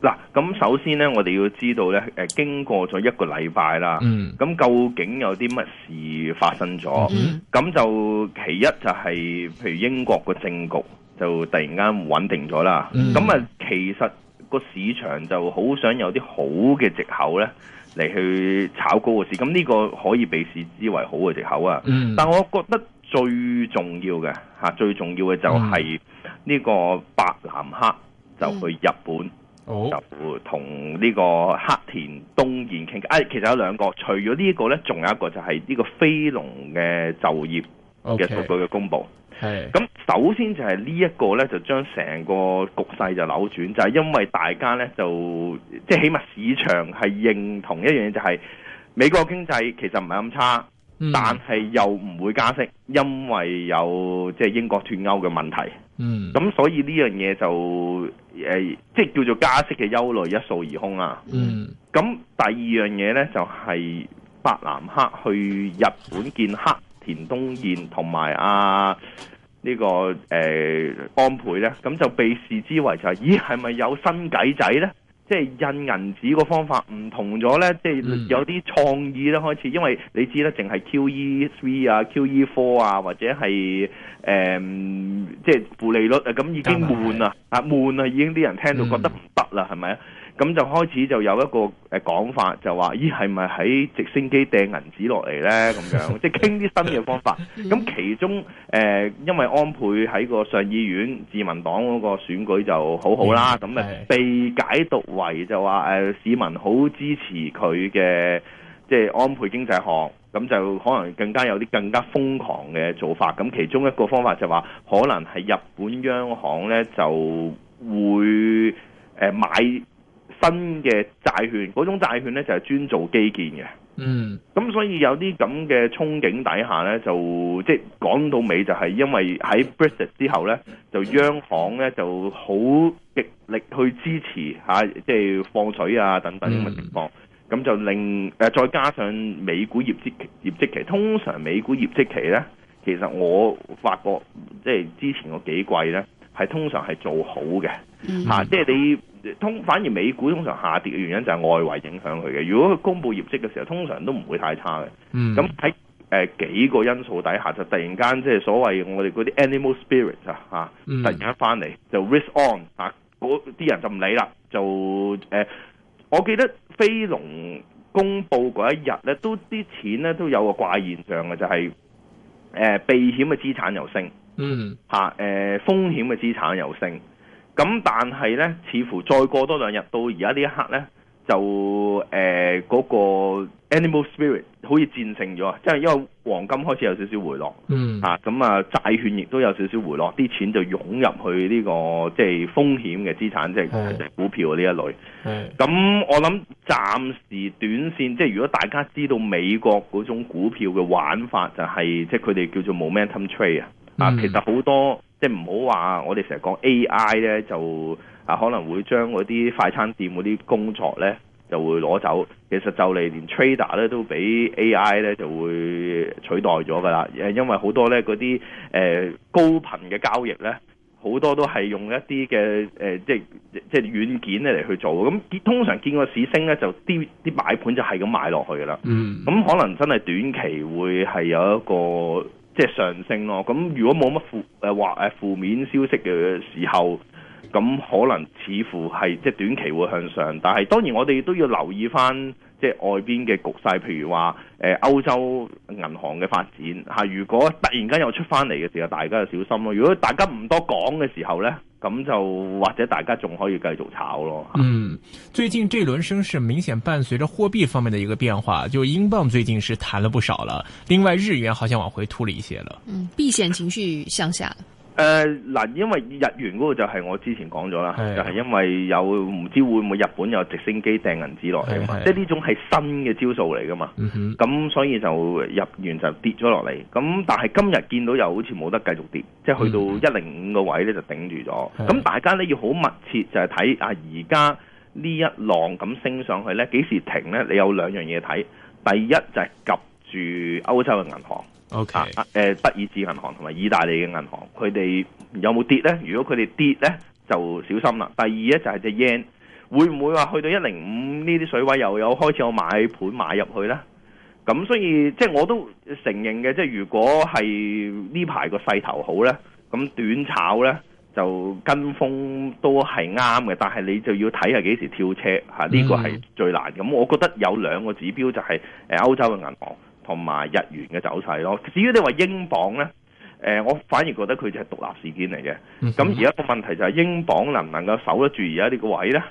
嗱，咁首先咧，我哋要知道咧，誒、呃，經過咗一個禮拜啦，咁、嗯、究竟有啲乜事發生咗？咁、嗯、就其一就係、是，譬如英國個政局就突然間穩定咗啦。咁啊、嗯，其實個市場就好想有啲好嘅借口咧，嚟去炒高個市。咁呢個可以被視之為好嘅借口啊。嗯、但我覺得最重要嘅吓、啊，最重要嘅就係呢個白藍黑就去日本。嗯嗯 Oh. 就同呢個黑田東彥傾偈，啊，其實有兩個，除咗呢一個咧，仲有一個就係呢個非農嘅就業嘅數據嘅公布。係，咁首先就係呢一個咧，就將成個局勢就扭轉，就係、是、因為大家咧就即係起碼市場係認同一樣嘢、就是，就係美國經濟其實唔係咁差，mm. 但係又唔會加息，因為有即係、就是、英國脫歐嘅問題。嗯，咁所以呢樣嘢就誒、呃，即係叫做加息嘅憂慮一掃而空啊。嗯，咁第二樣嘢呢就係、是、白蘭克去日本見黑田東彥同埋啊呢、這個誒安倍呢，咁就被視之為就係、是、咦係咪有新計仔，仔呢？即係印銀紙個方法唔同咗咧，即係有啲創意啦開始，因為你知咧淨係 QE three 啊、QE four 啊，或者係誒、嗯，即係負利率啊，咁已經悶啦，啊悶啦，已經啲人聽到覺得唔得啦，係咪啊？是咁就開始就有一個誒講法，就話咦係咪喺直升機掟銀紙落嚟呢？咁樣即係傾啲新嘅方法。咁 其中誒、呃，因為安倍喺個上議院自民黨嗰個選舉就好好啦，咁啊 被解讀為就話、呃、市民好支持佢嘅即係安倍經濟學。咁就可能更加有啲更加瘋狂嘅做法。咁其中一個方法就話，可能係日本央行呢就會誒、呃、買。新嘅債券嗰種債券呢就係、是、專做基建嘅，嗯，咁所以有啲咁嘅憧憬底下呢，就即係講到尾就係因為喺 Brexit 之後呢，就央行呢就好極力去支持嚇，即、啊、係、就是、放水啊等等咁嘅情況，咁、嗯、就令、呃、再加上美股業,業,績業績期，通常美股業績期呢，其實我發覺即係之前嗰幾季呢，係通常係做好嘅即係你。通反而美股通常下跌嘅原因就係外圍影響佢嘅。如果佢公布業績嘅時候，通常都唔會太差嘅。咁喺誒幾個因素底下，就突然間即係所謂我哋嗰啲 animal spirit 啊吓，嗯、突然間翻嚟就 risk on 啊，嗰啲人就唔理啦。就誒、呃，我記得非農公布嗰一日咧，都啲錢咧都有個怪現象嘅，就係、是、誒、呃、避險嘅資產又升，吓誒、嗯啊呃、風險嘅資產又升。咁但係咧，似乎再過多兩日到而家呢一刻咧，就誒嗰、呃嗰個 animal spirit 好似戰勝咗，即係因為黃金開始有少少回落，嗯，啊，咁啊債券亦都有少少回落，啲錢就湧入去呢、呢個即係風險嘅資產，即係股票呢一類。嗯，咁我諗暫時短線，即係如果大家知道美國嗰種股票嘅玩法、就係，就係即係佢哋叫做 momentum trade 啊，啊、嗯，其實好多。即係唔好話，我哋成日講 A.I. 咧就啊可能會將嗰啲快餐店嗰啲工作咧就會攞走。其實就嚟連 trader 咧都俾 A.I. 咧就會取代咗㗎啦。誒，因為好多咧嗰啲誒高頻嘅交易咧，好多都係用一啲嘅誒即係即係軟件咧嚟去做。咁通常見個市升咧就啲啲買盤就係咁買落去㗎啦。嗯，咁可能真係短期會係有一個。即係上升咯，咁如果冇乜負誒或誒負面消息嘅時候，咁可能似乎係即係短期會向上，但係當然我哋都要留意翻。即係外邊嘅局勢，譬如話，誒、呃、歐洲銀行嘅發展嚇、啊，如果突然間又出翻嚟嘅時候，大家就小心咯。如果大家唔多講嘅時候呢，咁就或者大家仲可以繼續炒咯。嗯，最近這輪升勢明顯伴隨着貨幣方面嘅一個變化，就英鎊最近是彈了不少了。另外日元好像往回吐了一些了。嗯，避險情緒向下。 誒嗱、呃，因為日元嗰個就係我之前講咗啦，是的 就係因為有唔知會唔會日本有直升機掟銀紙落嚟嘛，即係呢種係新嘅招數嚟噶嘛。咁所以就日元就跌咗落嚟。咁但係今日見到又好似冇得繼續跌，即係去到一零五個位咧就頂住咗。咁是的 大家咧要好密切就係睇啊，而家呢一浪咁升上去咧幾時停咧？你有兩樣嘢睇，第一就係睇住歐洲嘅銀行。OK，啊，誒、啊，德意志銀行同埋意大利嘅銀行，佢哋有冇跌呢？如果佢哋跌呢，就小心啦。第二呢，就係隻 yen，會唔會話去到一零五呢啲水位又有開始有買盤買入去呢？咁所以即係我都承認嘅，即係如果係呢排個勢頭好呢，咁短炒呢就跟風都係啱嘅，但係你就要睇下幾時跳車吓，呢、mm hmm。個係最難嘅。咁我覺得有兩個指標就係誒歐洲嘅銀行。同埋日元嘅走勢咯，至於你話英鎊呢，誒、呃，我反而覺得佢就係獨立事件嚟嘅。咁而家個問題就係英鎊能唔能夠守得住而家呢個位呢？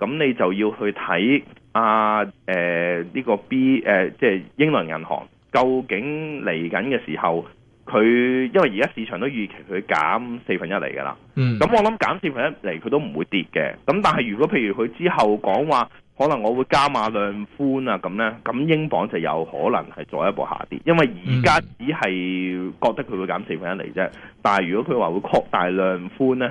咁你就要去睇啊，誒、呃，呢個 B 誒、呃，即係英倫銀行，究竟嚟緊嘅時候，佢因為而家市場都預期佢減四分一嚟㗎啦。咁 我諗減四分一嚟，佢都唔會跌嘅。咁但係如果譬如佢之後講話，可能我會加碼量寬啊，咁咧，咁英鎊就有可能係再一步下跌，因為而家只係覺得佢會減四分一嚟啫，但係如果佢話會擴大量寬咧？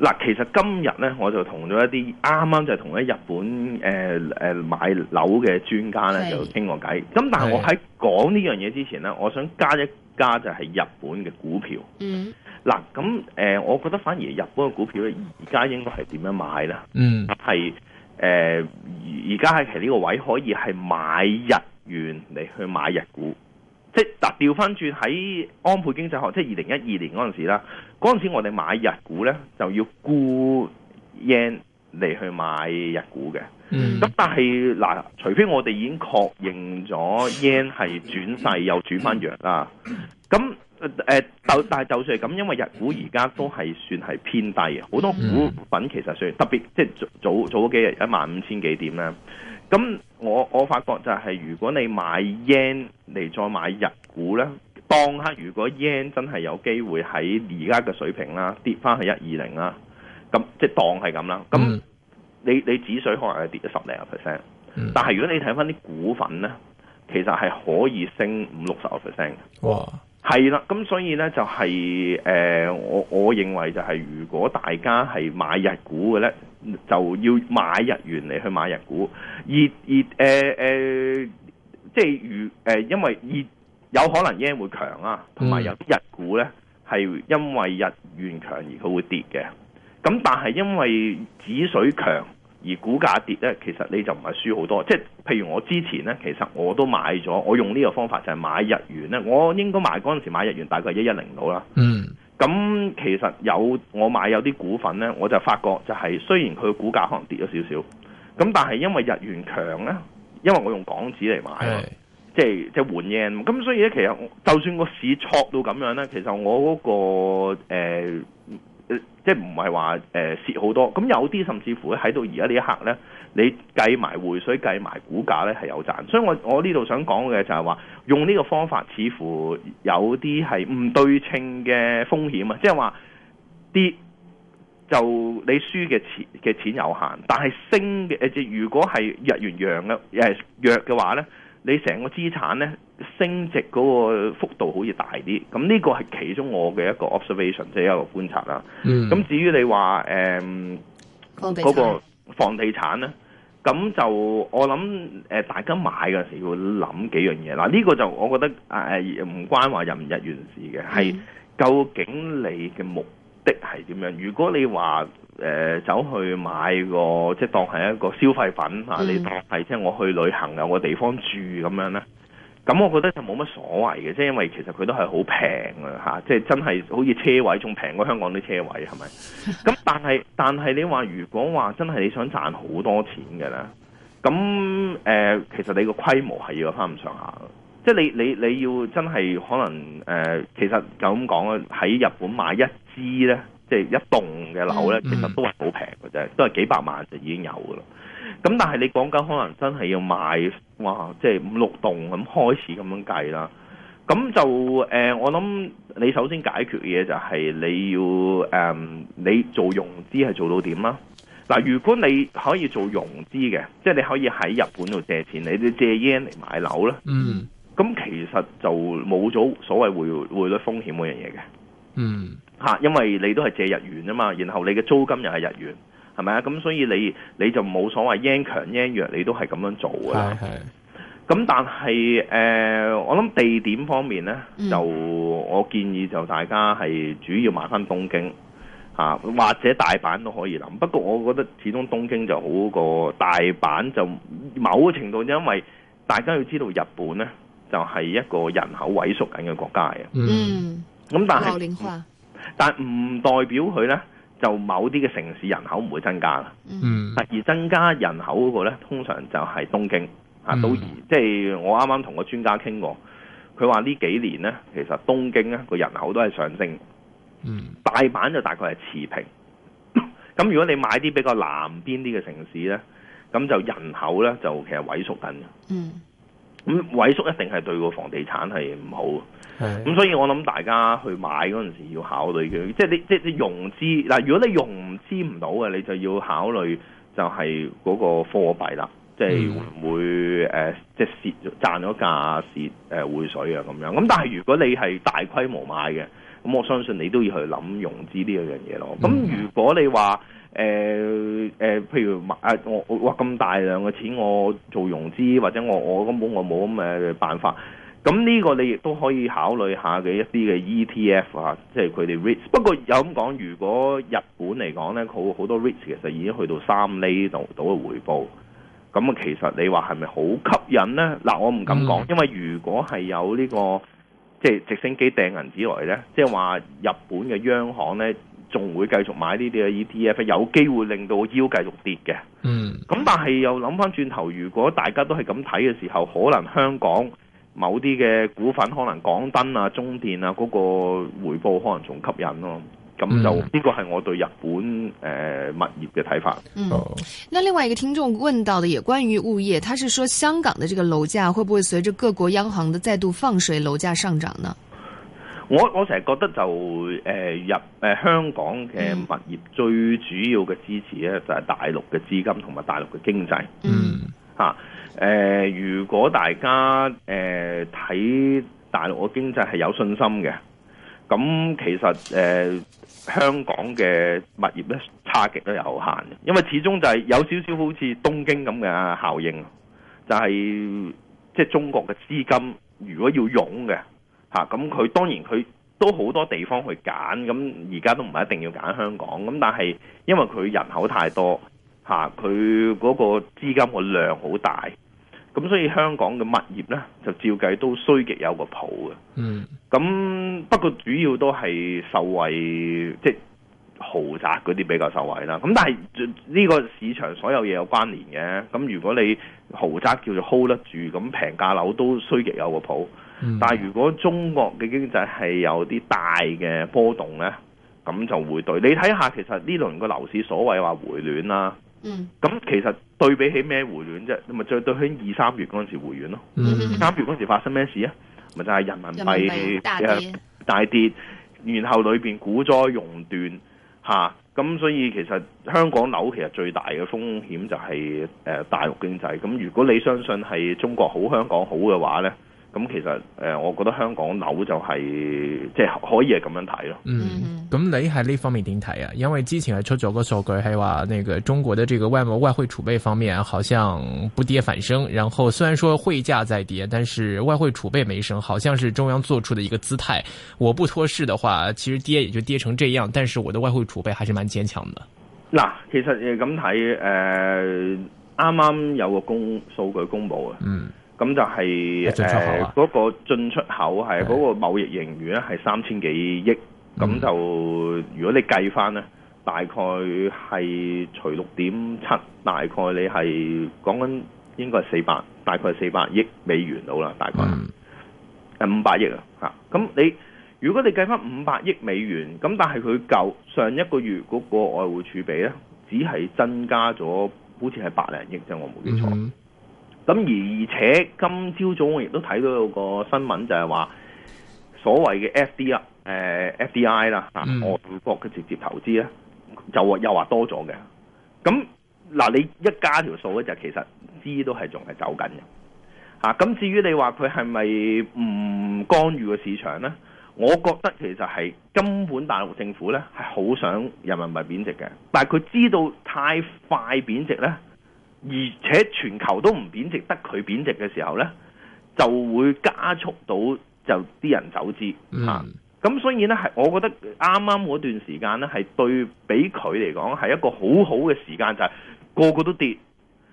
嗱，其實今日咧，我就同咗一啲啱啱就係同一日本誒誒、呃、買樓嘅專家咧，是就傾過偈。咁但係我喺講呢樣嘢之前咧，我想加一加就係日本嘅股票。嗱、嗯，咁誒、呃，我覺得反而日本嘅股票咧，而家應該係點樣買咧？嗯，係誒、就是，而家喺其實呢個位可以係買日元嚟去買日股。即係嗱，調翻轉喺安倍經濟學，即係二零一二年嗰陣時啦。嗰陣時我哋買日股咧，就要沽 yen 嚟去買日股嘅。咁、嗯、但係嗱，除非我哋已經確認咗 yen 係轉勢又轉翻弱啦。咁就、嗯呃、但係就算係咁，因為日股而家都係算係偏低嘅。好多股份其實算特別，即係早早幾日一萬五千幾點啦。咁我我發覺就係如果你買 yen 嚟再買日股咧，當刻如果 yen 真係有機會喺而家嘅水平啦，跌翻去一二零啦，咁即係當係咁啦。咁、嗯、你你指水可能係跌咗十零個 percent，、嗯、但係如果你睇翻啲股份咧，其實係可以升五六十個 percent 嘅。係啦，咁所以呢、就係，就係誒，我我認為就係如果大家係買日股嘅呢，就要買日元嚟去買日股，而而誒誒、呃呃，即係如誒、呃，因為而有可能日元會強啊，同埋有啲日股呢，係因為日元強而佢會跌嘅，咁但係因為止水強。而股價跌咧，其實你就唔係輸好多。即係譬如我之前咧，其實我都買咗，我用呢個方法就係買日元咧。我應該買嗰陣時買日元大概係一一零到啦。嗯。咁其實有我買有啲股份咧，我就發覺就係、是、雖然佢股價可能跌咗少少，咁但係因為日元強咧，因為我用港紙嚟買，是 即係即係換 yen。咁所以咧，其實就算個市挫到咁樣咧，其實我嗰、那個、呃呃、即係唔係話誒蝕好多咁，有啲甚至乎喺到而家呢一刻呢，你計埋匯水計埋股價呢係有賺，所以我我呢度想講嘅就係話用呢個方法似乎有啲係唔對稱嘅風險啊，即係話啲就你輸嘅錢嘅錢有限，但係升嘅即係如果係日元揚嘅誒弱嘅話呢。你成個資產咧升值嗰個幅度好似大啲，咁呢個係其中我嘅一個 observation，即係一個觀察啦。咁、嗯、至於你話誒嗰個房地產咧，咁就我諗誒大家買嘅時候要諗幾樣嘢嗱，呢、呢個就我覺得誒唔、呃、關話唔日件事嘅，係、嗯、究竟你嘅目的係點樣？如果你話，誒、呃、走去買個即係當係一個消費品啊！嗯、你當係即係我去旅行有個地方住咁樣咧，咁我覺得就冇乜所謂嘅，即係因為其實佢都係好平啊嚇！即係真係好似車位仲平過香港啲車位係咪？咁但係但係你話如果話真係你想賺好多錢嘅咧，咁誒、呃、其實你個規模係要翻唔上下，即係你你你要真係可能誒、呃，其實就咁講喺日本買一支咧。即係一棟嘅樓咧，其實都係好平嘅啫，嗯、都係幾百萬就已經有噶啦。咁但係你講緊可能真係要買，哇！即係五六棟咁開始咁樣計啦。咁就誒、呃，我諗你首先解決嘅嘢就係你要誒、呃，你做融資係做到點啦？嗱，如果你可以做融資嘅，即係你可以喺日本度借錢，你你借 yen 嚟買樓啦。嗯，咁其實就冇咗所謂匯匯率風險嗰樣嘢嘅。嗯。嚇，因為你都係借日元啊嘛，然後你嘅租金又係日元，係咪啊？咁所以你你就冇所謂 yen 強 yen 弱，你都係咁樣做㗎啦。係係。咁但係誒，我諗地點方面咧，嗯、就我建議就大家係主要買翻東京嚇、啊，或者大阪都可以諗。不過我覺得始終東京就好過大阪就，就某個程度，因為大家要知道日本咧就係一個人口萎縮緊嘅國家嘅。嗯。咁但係。老但唔代表佢呢，就某啲嘅城市人口唔會增加啦，嗯，而增加人口嗰個呢，通常就係東京啊，嗯、都即係我啱啱同個專家傾過，佢話呢幾年呢，其實東京呢個人口都係上升，嗯，大阪就大概係持平，咁 如果你買啲比較南邊啲嘅城市呢，咁就人口呢，就其實萎縮緊嘅，嗯，咁萎縮一定係對個房地產係唔好。咁所以我諗大家去買嗰陣時要考慮嘅，即係你即係融資嗱，如果你融資唔到嘅，你就要考慮就係嗰個貨幣啦，即係會唔會誒即係蝕賺咗價蝕誒匯水啊咁樣。咁但係如果你係大規模買嘅，咁我相信你都要去諗融資呢一樣嘢咯。咁、嗯、如果你話誒誒，譬如買、呃、我哇咁大量嘅錢，我做融資或者我我根本我冇咁嘅辦法。咁呢個你亦都可以考慮下嘅一啲嘅 ETF 啊，即係佢哋 rich。不過有咁講，如果日本嚟講呢，佢好多 rich 其實已經去到三厘度度嘅回報。咁啊，其實你話係咪好吸引呢？嗱，我唔敢講，mm. 因為如果係有呢、呢個即係直升機掟銀紙嚟呢，即係話日本嘅央行呢，仲會繼續買呢啲嘅 ETF，有機會令到 yield 繼續跌嘅。嗯。咁但係又諗翻轉頭，如果大家都係咁睇嘅時候，可能香港。某啲嘅股份可能港燈啊、中電啊嗰個回報可能仲吸引咯，咁就呢個係我對日本誒、呃、物業嘅睇法。嗯，那另外一個聽眾問到的也關於物業，他是說香港的這個樓價會不會隨着各國央行的再度放水樓價上漲呢？我我成日覺得就誒、呃、入誒、呃、香港嘅物業最主要嘅支持咧就係大陸嘅資金同埋大陸嘅經濟。嗯，吓。誒、呃，如果大家誒睇、呃、大陸嘅經濟係有信心嘅，咁其實誒、呃、香港嘅物業咧差極都有限，因為始終就係有少少好似東京咁嘅效應，就係即係中國嘅資金如果要湧嘅嚇，咁、啊、佢當然佢都好多地方去揀，咁而家都唔係一定要揀香港，咁、啊、但係因為佢人口太多嚇，佢、啊、嗰個資金個量好大。咁所以香港嘅物業呢，就照計都衰極有個譜嘅。嗯。咁不過主要都係受惠，即豪宅嗰啲比較受惠啦。咁但係呢個市場所有嘢有關聯嘅。咁如果你豪宅叫做 hold 得住，咁平價樓都衰極有個譜。嗯。但係如果中國嘅經濟係有啲大嘅波動呢，咁就會對。你睇下，其實呢輪個樓市所謂話回暖啦，啊。嗯，咁其實對比起咩回軟啫，咪就對比起二三月嗰陣時回軟咯。三、嗯、月嗰陣時發生咩事啊？咪就係、是、人民幣大跌，大跌，然後裏邊股災熔斷吓，咁、啊、所以其實香港樓其實最大嘅風險就係誒大陸經濟。咁如果你相信係中國好，香港好嘅話咧。咁其實誒，我覺得香港樓就係即係可以係咁樣睇咯。嗯，咁你喺呢方面點睇啊？因為之前係出咗個數據係話，呢個中國嘅這個外貿外匯儲備方面好像不跌反升。然後雖然說匯價在跌，但是外匯儲備沒升，好像是中央做出嘅一個姿態。我不托市的話，其實跌也就跌成這樣，但是我的外匯儲備還是蠻堅強的。嗱，其實誒咁睇誒，啱啱有個公數據公布啊。嗯。嗯咁就係、是、嗰、啊呃那個進出口係嗰、那個貿易盈餘咧係三千幾億，咁就如果你計返咧，嗯、大概係除六點七，大概你係講緊應該係四百，大概係四百億美元到啦，大概誒、嗯、五百億啊嚇。咁你如果你計返五百億美元，咁但係佢夠上一個月嗰個外匯儲備咧，只係增加咗好似係百零億，啫我冇記錯。嗯嗯。咁而且今朝早，早我亦都睇到有個新聞就係話、嗯，所謂嘅 FD 啊，誒 FDI 啦吓，外國嘅直接投資咧，就又話多咗嘅。咁嗱，你一加一條數咧，就其實資都係仲係走緊嘅。吓咁至於你話佢係咪唔干預個市場咧？我覺得其實係根本大陸政府咧係好想人民幣貶值嘅，但係佢知道太快貶值咧。而且全球都唔貶值，得佢貶值嘅時候呢，就會加速到就啲人走資。咁、嗯啊、所以呢，係我覺得啱啱嗰段時間呢，係對比佢嚟講，係一個好好嘅時間，就係、是、個個都跌。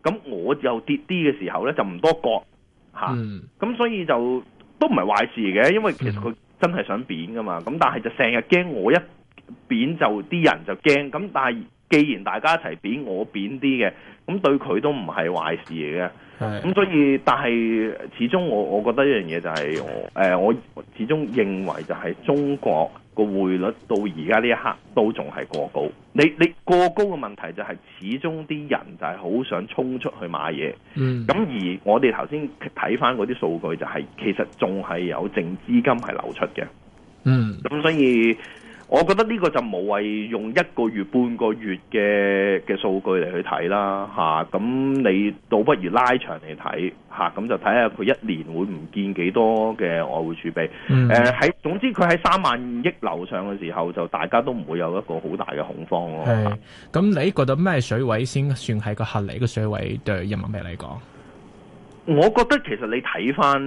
咁我就跌啲嘅時候呢，就唔多覺吓。咁、啊嗯啊、所以就都唔係壞事嘅，因為其實佢真係想貶噶嘛。咁但係就成日驚，我一貶就啲人就驚，咁但係。既然大家一齊貶我貶啲嘅，咁對佢都唔係壞事嚟嘅。咁是所以，但係始終我我覺得一樣嘢就係、是、我誒、呃，我始終認為就係中國個匯率到而家呢一刻都仲係過高。你你過高嘅問題就係始終啲人就係好想衝出去買嘢。咁、嗯、而我哋頭先睇翻嗰啲數據就係、是、其實仲係有淨資金係流出嘅。嗯，咁所以。我覺得呢個就無謂用一個月、半個月嘅嘅數據嚟去睇啦，嚇、啊、咁你倒不如拉長嚟睇嚇，咁、啊、就睇下佢一年會唔見幾多嘅外匯儲備？誒喺、嗯呃、總之佢喺三萬億樓上嘅時候，就大家都唔會有一個好大嘅恐慌咯。咁，那你覺得咩水位先算係個合理嘅水位對人民幣嚟講？我覺得其實你睇返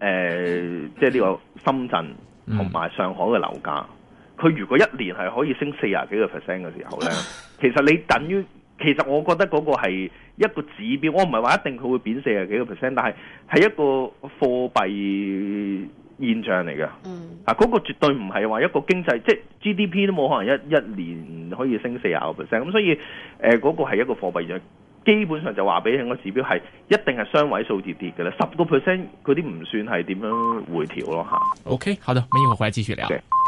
誒，即係呢個深圳同埋上海嘅樓價。嗯。佢如果一年係可以升四十幾個 percent 嘅時候咧，其實你等於，其實我覺得嗰個係一個指標，我唔係話一定佢會貶四十幾個 percent，但係係一個貨幣現象嚟嘅。嗯。啊，嗰、那個絕對唔係話一個經濟，即係 GDP 都冇可能一一年可以升四十個 percent。咁、啊、所以誒，嗰、呃那個係一個貨幣現象，基本上就話俾你、那個指標係一定係雙位數跌跌嘅啦。十個 percent 嗰啲唔算係點樣回調咯吓，OK，好的，乜嘢我再繼續聊。Okay.